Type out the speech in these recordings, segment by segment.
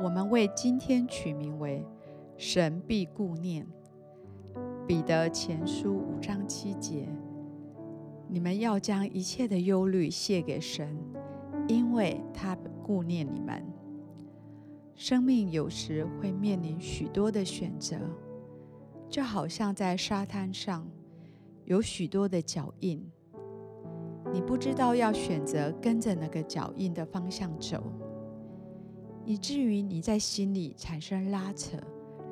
我們為今天取名為“神必顧念”。彼得前書五章七節：“你們要將一切的憂慮卸給神，因為他顧念你們。”生命有時會面臨許多的選擇，就好像在沙灘上有許多的腳印，你不知道要選擇跟着哪個腳印的方向走。以至於你在心裡產生拉扯，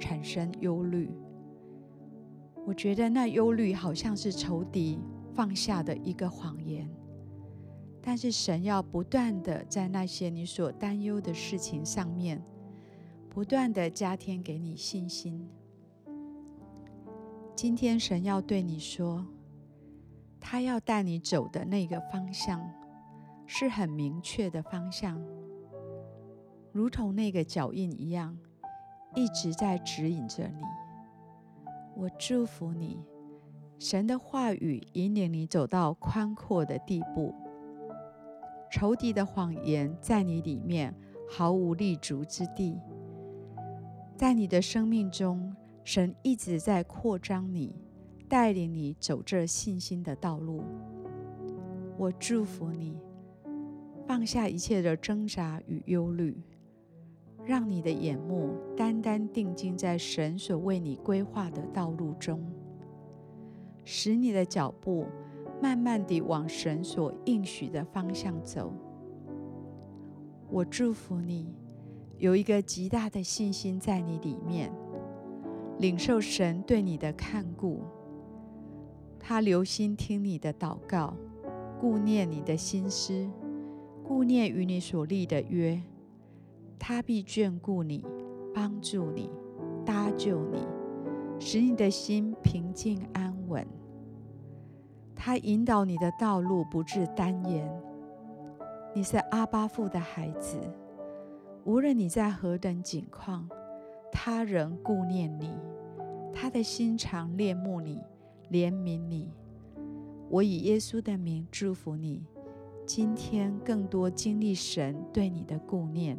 產生憂慮。我覺得那憂慮好像是仇敵放下的一個謊言，但是神要不斷的在那些你所擔憂的事情上面，不斷的加添給你信心。今天神要對你說，他要帶你走的那個方向，是很明確的方向。如同那個腳印一樣，一直在指引着你。我祝福你，神的話語引領你走到寬闊的地步，仇敵的謊言在你裡面毫無立足之地。在你的生命中，神一直在擴張你，帶領你走這信心的道路。我祝福你，放下一切的掙扎與憂慮。讓你的眼目單單定睛在神所為你規劃的道路中，使你的腳步慢慢地往神所應許的方向走。我祝福你有一個極大的信心在你裡面，領受神對你的看顧。他留心聽你的禱告，顧念你的心思，顧念與你所立的約。他必眷顧你，幫助你，搭救你，使你的心平靜安穩。他引導你的道路不致單言。你是阿爸父的孩子，無論你在何等境況，他仍顧念你，他的心常戀慕你，憐憫你。我以耶穌的名祝福你，今天更多經歷神對你的顧念。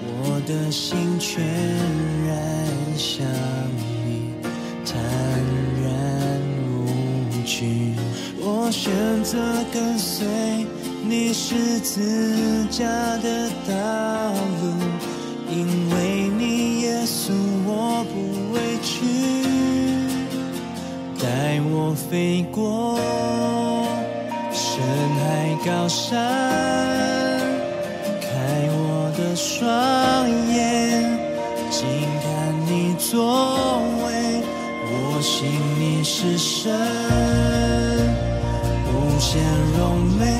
我的心全然向你坦然無懼。我選擇跟隨你是自家的道路，因為你，耶穌，我不畏懼。帶我飛過深海高山。雙眼，靜看你作為，我心裡是神，無限榮美。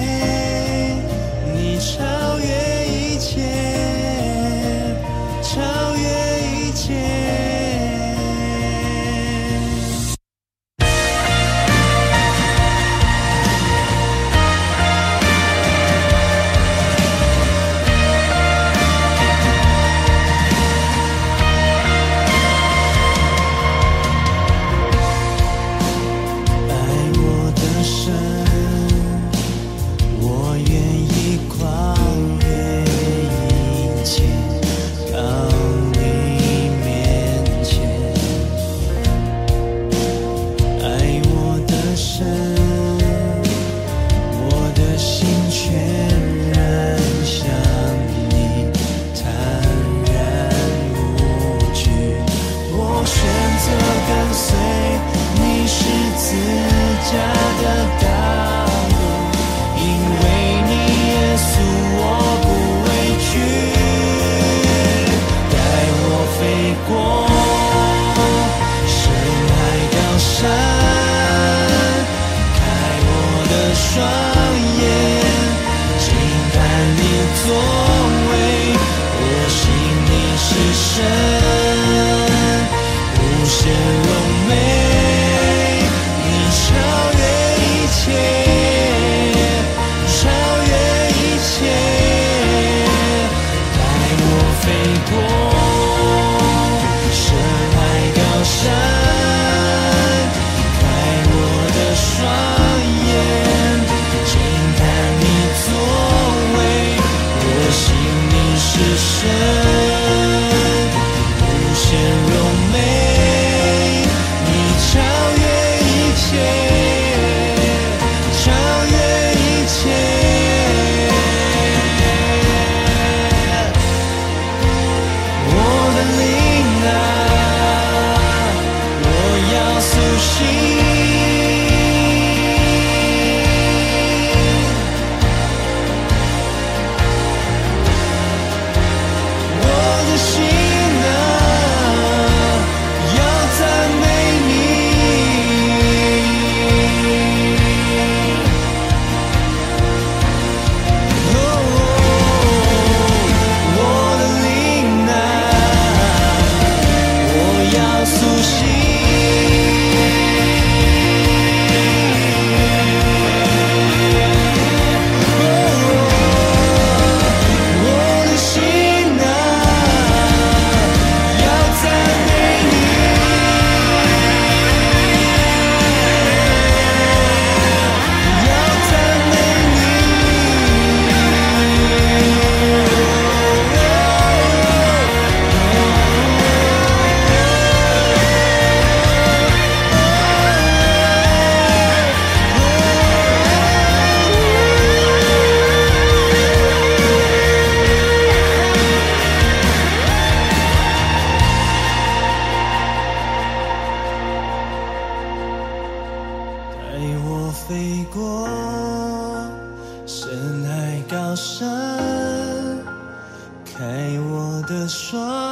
說。